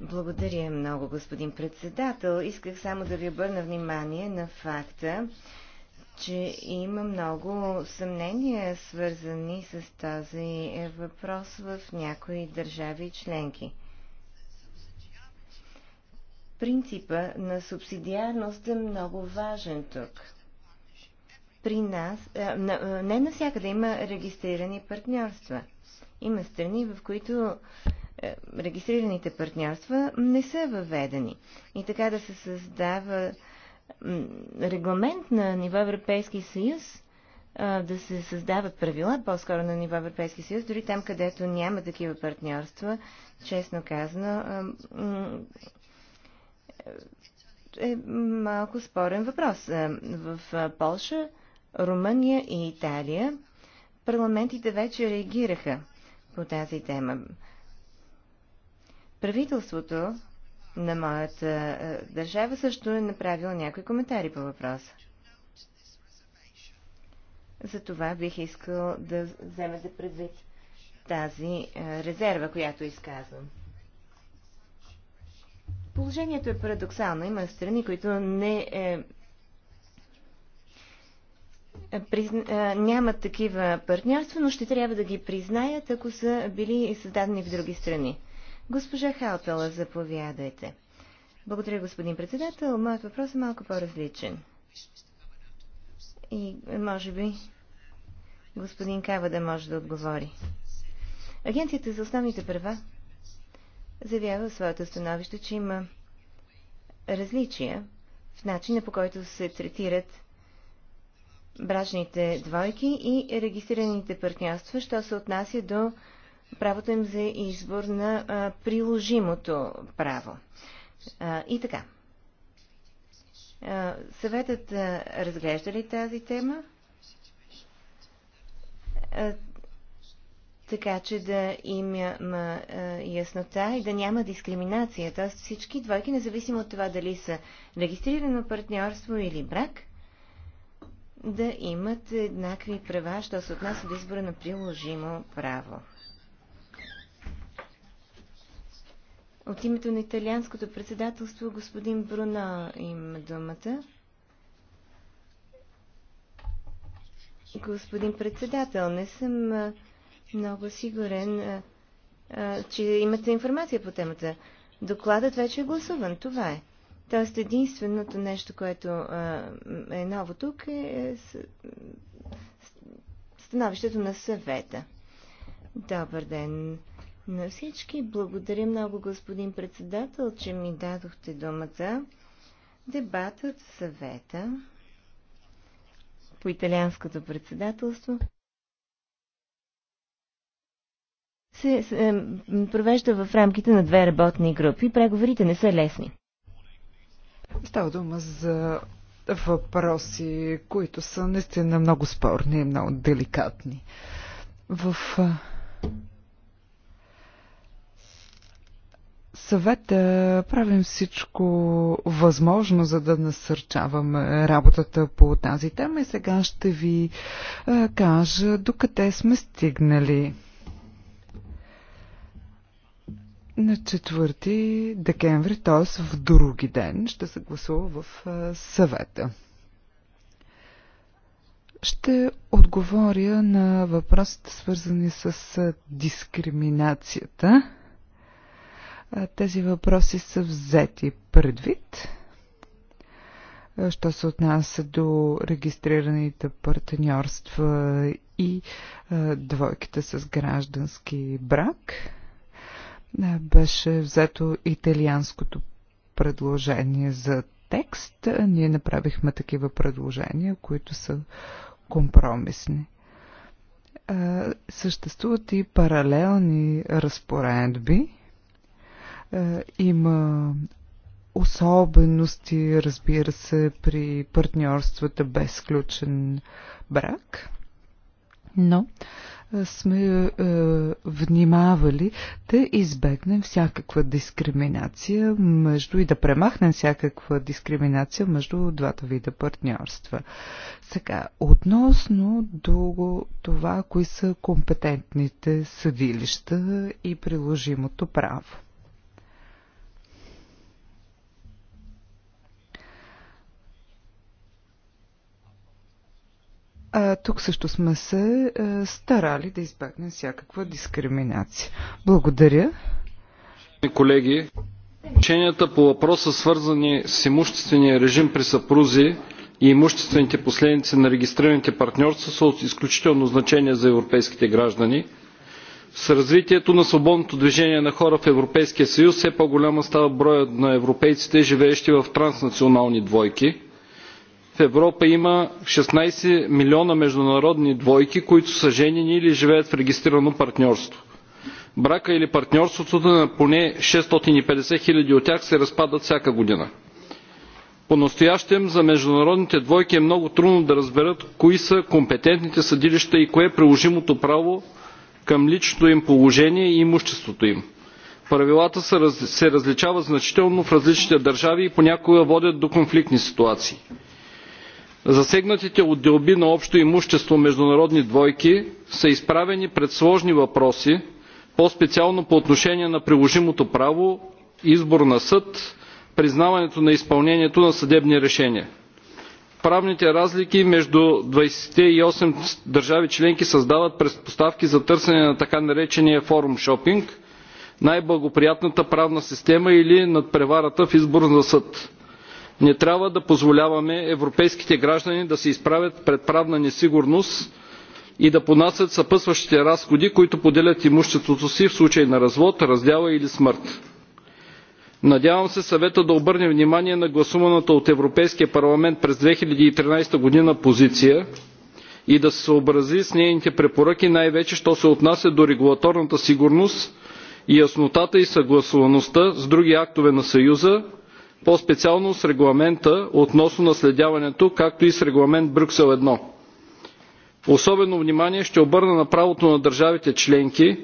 Благодаря много, господин председател. Исках само да ви обърна внимание на факта, че има много съмнения, свързани с този въпрос в някои държави членки. Принципа на субсидиарност е много важен тук при нас, не навсякъде има регистрирани партньорства. Има страни, в които регистрираните партньорства не са въведени. И така да се създава регламент на ниво Европейски съюз, да се създават правила, по-скоро на ниво Европейски съюз, дори там, където няма такива партньорства, честно казано, е малко спорен въпрос. В Польша Румъния и Италия, парламентите вече реагираха по тази тема. Правителството на моята държава също е направило някои коментари по въпроса. За това бих искал да вземете предвид тази резерва, която изказвам. Положението е парадоксално. Има страни, които не е, призна... нямат такива партньорства, но ще трябва да ги признаят, ако са били създадени в други страни. Госпожа Халтала, заповядайте. Благодаря, господин председател. Моят въпрос е малко по-различен. И може би господин Кава да може да отговори. Агенцията за основните права заявява в своето становище, че има различия в начина по който се третират брачните двойки и регистрираните партньорства, що се отнася до правото им за избор на а, приложимото право. А, и така. А, съветът а, разглежда ли тази тема? А, така че да има яснота и да няма дискриминация. Тоест всички двойки, независимо от това дали са регистрирано партньорство или брак, да имат еднакви права, що се отнася до избора на приложимо право. От името на италианското председателство господин Бруно има думата. Господин председател, не съм много сигурен, че имате информация по темата. Докладът вече е гласуван. Това е. Тоест единственото нещо, което е ново тук е, е становището на съвета. Добър ден на всички. Благодаря много, господин председател, че ми дадохте думата. Дебатът в съвета по италианското председателство се провежда в рамките на две работни групи. Преговорите не са лесни. Става дума за въпроси, които са наистина много спорни и много деликатни. В съвета правим всичко възможно, за да насърчаваме работата по тази тема и сега ще ви кажа докъде сме стигнали. На 4 декември, т.е. в други ден, ще се гласува в съвета. Ще отговоря на въпросите, свързани с дискриминацията. Тези въпроси са взети предвид, що се отнася до регистрираните партньорства и двойките с граждански брак беше взето италианското предложение за текст. Ние направихме такива предложения, които са компромисни. Съществуват и паралелни разпоредби. Има особености, разбира се, при партньорствата без сключен брак. Но сме е, внимавали да избегнем всякаква дискриминация между и да премахнем всякаква дискриминация между двата вида партньорства. Сега, относно до това, кои са компетентните съдилища и приложимото право. А, тук също сме се а, старали да избегнем всякаква дискриминация. Благодаря. Колеги, Ученията по въпроса, свързани с имуществения режим при съпрузи и имуществените последици на регистрираните партньорства са от изключително значение за европейските граждани. С развитието на свободното движение на хора в Европейския съюз все по-голяма става броят на европейците, живеещи в транснационални двойки – в Европа има 16 милиона международни двойки, които са женени или живеят в регистрирано партньорство. Брака или партньорството на поне 650 хиляди от тях се разпадат всяка година. Понастоящем за международните двойки е много трудно да разберат кои са компетентните съдилища и кое е приложимото право към личното им положение и имуществото им. Правилата се различават значително в различните държави и понякога водят до конфликтни ситуации. Засегнатите от делби на общо имущество международни двойки са изправени пред сложни въпроси, по-специално по отношение на приложимото право, избор на съд, признаването на изпълнението на съдебни решения. Правните разлики между 28 държави членки създават предпоставки за търсене на така наречения форум шопинг, най-благоприятната правна система или надпреварата в избор на съд. Не трябва да позволяваме европейските граждани да се изправят пред правна несигурност и да понасят съпътстващите разходи, които поделят имуществото си в случай на развод, раздяла или смърт. Надявам се съветът да обърне внимание на гласуваната от Европейския парламент през 2013 година позиция и да се съобрази с нейните препоръки, най-вече що се отнася до регулаторната сигурност, и яснотата и съгласуваността с други актове на Съюза, по специално с регламента относно наследяването, както и с регламент Брюксел 1. Особено внимание ще обърна на правото на държавите членки,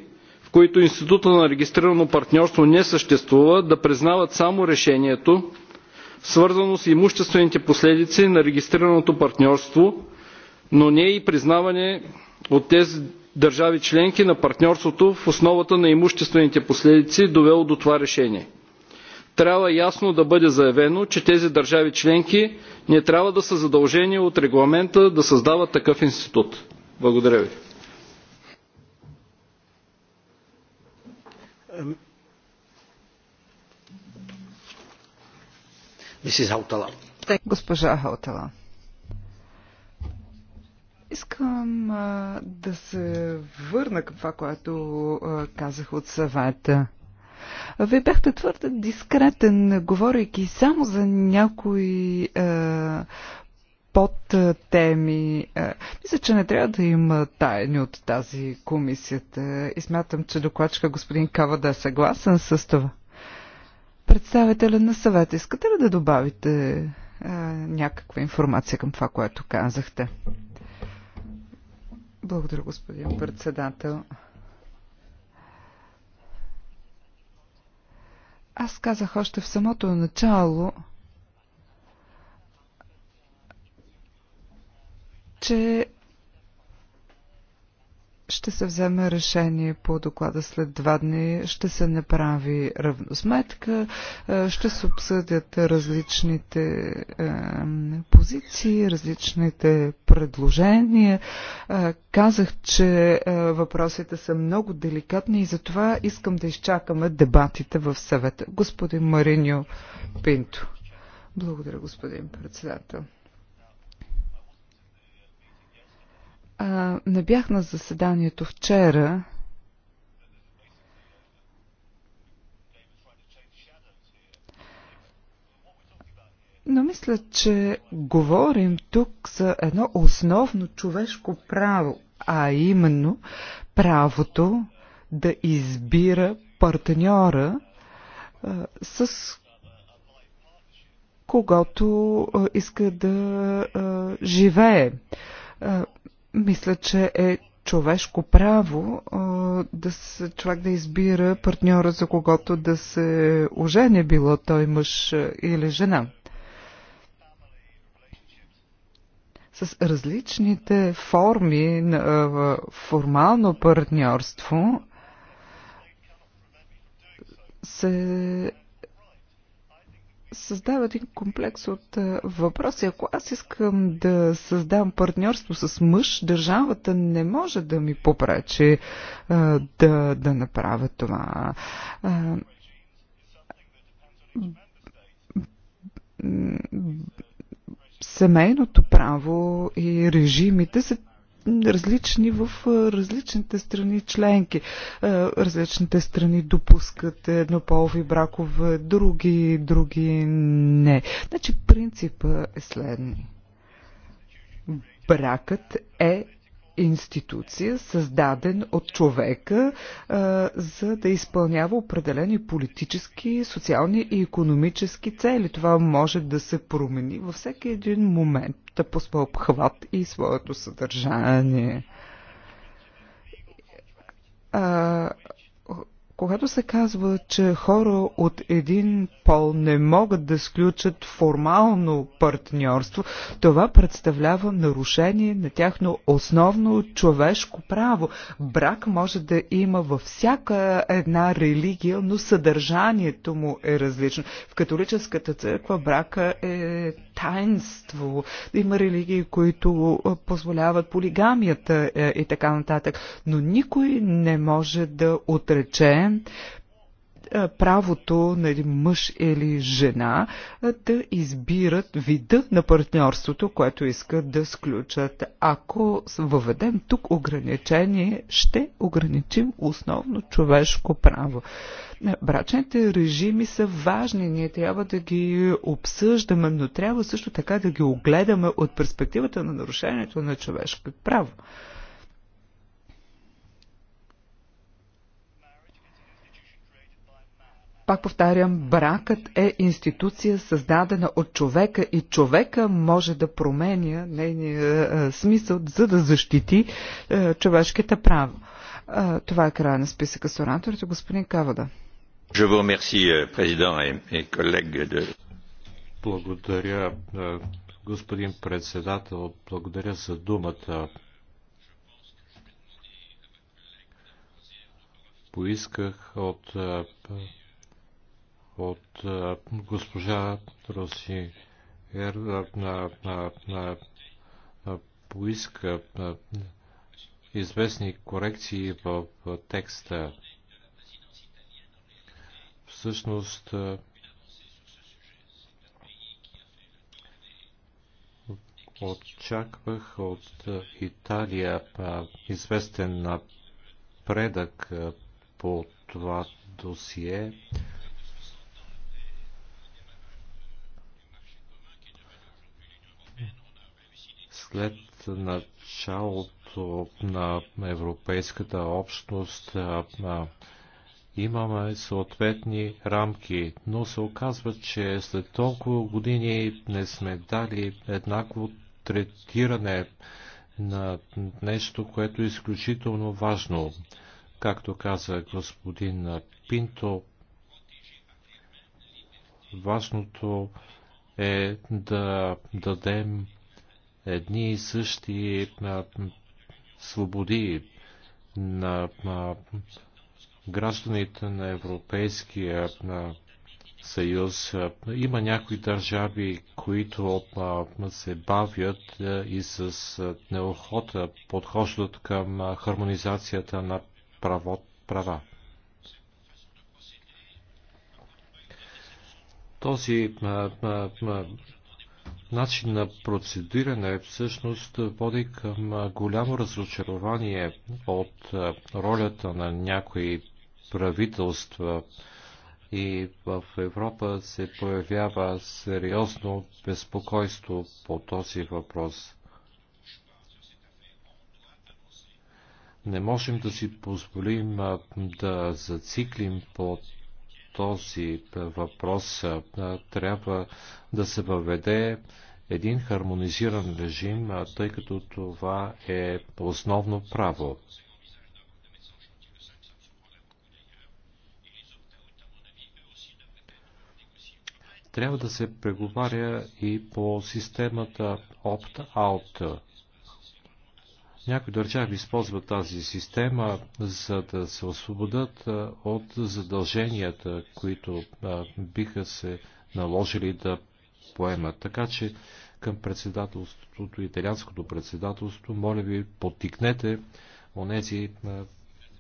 в които института на регистрирано партньорство не съществува, да признават само решението, свързано с имуществените последици на регистрираното партньорство, но не и признаване от тези държави членки на партньорството в основата на имуществените последици, довело до това решение трябва ясно да бъде заявено, че тези държави членки не трябва да са задължени от регламента да създават такъв институт. Благодаря ви. Госпожа Хаутала. Искам а, да се върна към това, което а, казах от съвета. Вие бяхте твърде дискретен, говорейки само за някои е, под теми. Е, мисля, че не трябва да има тайни от тази комисията и смятам, че докладчика господин Кава да е съгласен с това. Представителя на съвет, искате ли да добавите е, някаква информация към това, което казахте? Благодаря, господин председател. Аз казах още в самото начало, че ще се вземе решение по доклада след два дни, ще се направи равносметка, е, ще се обсъдят различните е, позиции, различните предложения. Е, казах, че въпросите са много деликатни и затова искам да изчакаме дебатите в съвета. Господин Мариньо Пинто. Благодаря, господин председател. А, не бях на заседанието вчера. Но мисля, че говорим тук за едно основно човешко право, а именно правото да избира партньора, а, с когато а, иска да а, живее. А, мисля, че е човешко право да се, човек да избира партньора, за когото да се ожене, било той мъж или жена. С различните форми на формално партньорство се създава един комплекс от въпроси. Ако аз искам да създам партньорство с мъж, държавата не може да ми попречи да, да направя това семейното право и режимите са различни в различните страни членки. Различните страни допускат еднополови бракове, други, други не. Значи принципът е следния. Бракът е институция, създаден от човека, а, за да изпълнява определени политически, социални и економически цели. Това може да се промени във всеки един момент, да по своя обхват и своето съдържание. А, когато се казва, че хора от един пол не могат да сключат формално партньорство, това представлява нарушение на тяхно основно човешко право. Брак може да има във всяка една религия, но съдържанието му е различно. В католическата църква брака е таинство. Има религии, които позволяват полигамията е, и така нататък. Но никой не може да отрече е, правото на един мъж или жена е, да избират вида на партньорството, което искат да сключат. Ако въведем тук ограничение, ще ограничим основно човешко право. Е, брачните режими са важни, ние трябва да ги обсъждаме, но трябва също така да ги огледаме от перспективата на нарушението на човешко право. Пак повтарям, бракът е институция създадена от човека и човека може да променя нейния е, е, смисъл, за да защити е, човешките права. това е края на списъка с ораторите. Господин Кавада. Благодаря, господин председател. Благодаря за думата. Поисках от от госпожа Роси поиска известни корекции в текста. Всъщност, очаквах от Италия известен напредък по това досие. след началото на Европейската общност имаме съответни рамки, но се оказва, че след толкова години не сме дали еднакво третиране на нещо, което е изключително важно. Както каза господин Пинто, важното е да дадем едни и същи свободи на гражданите на Европейския съюз. Има някои държави, които се бавят и с неохота подхождат към хармонизацията на право, права. Този начин на процедиране всъщност води към голямо разочарование от ролята на някои правителства и в Европа се появява сериозно безпокойство по този въпрос. Не можем да си позволим да зациклим по този въпрос трябва да се въведе един хармонизиран режим, тъй като това е основно право. Трябва да се преговаря и по системата опт-out. Някои държави използват тази система, за да се освободят от задълженията, които биха се наложили да поемат. Така че към председателството, италианското председателство, моля ви, потикнете онези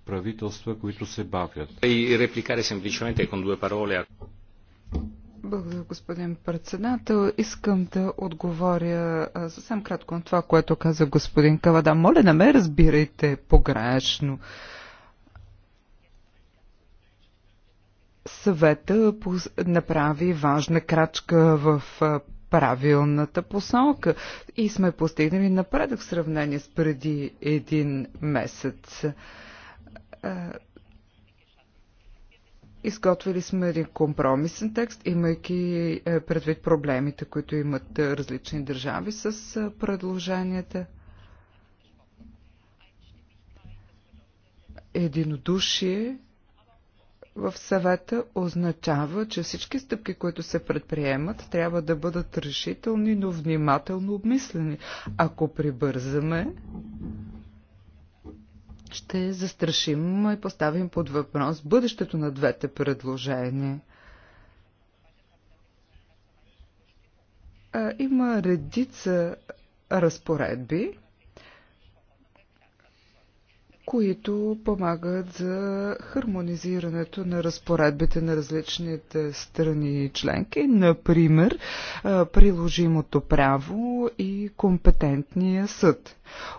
правителства, които се бавят. Благодаря, господин председател. Искам да отговоря съвсем кратко на това, което каза господин Кавада. Моля, не ме разбирайте погрешно. Съвета направи важна крачка в правилната посока и сме постигнали напредък в сравнение с преди един месец Изготвили сме един компромисен текст, имайки е, предвид проблемите, които имат е, различни държави с е, предложенията. Единодушие в съвета означава, че всички стъпки, които се предприемат, трябва да бъдат решителни, но внимателно обмислени. Ако прибързаме, ще застрашим и поставим под въпрос бъдещето на двете предложения. Има редица разпоредби, които помагат за хармонизирането на разпоредбите на различните страни и членки, например приложимото право и компетентния съд.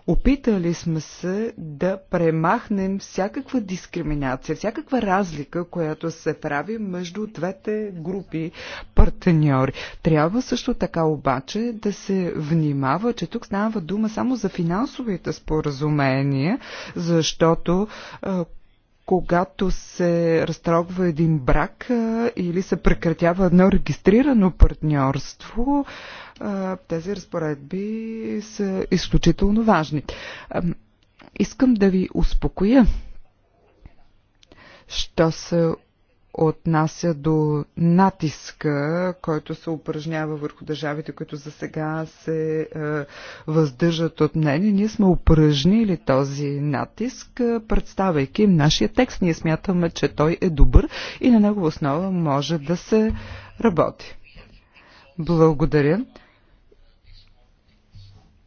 Опитали сме се да премахнем всякаква дискриминация, всякаква разлика, която се прави между двете групи партньори. Трябва също така обаче да се внимава, че тук става дума само за финансовите споразумения, защото когато се разтрогва един брак или се прекратява едно регистрирано партньорство, тези разпоредби са изключително важни. Искам да ви успокоя, що се отнася до натиска, който се упражнява върху държавите, които за сега се въздържат от мнение. Ние сме упражнили този натиск, представяйки им нашия текст. Ние смятаме, че той е добър и на негова основа може да се работи. Благодаря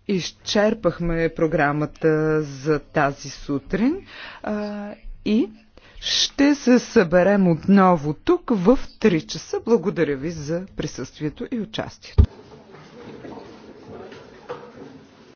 изчерпахме програмата за тази сутрин а, и ще се съберем отново тук в 3 часа. Благодаря ви за присъствието и участието.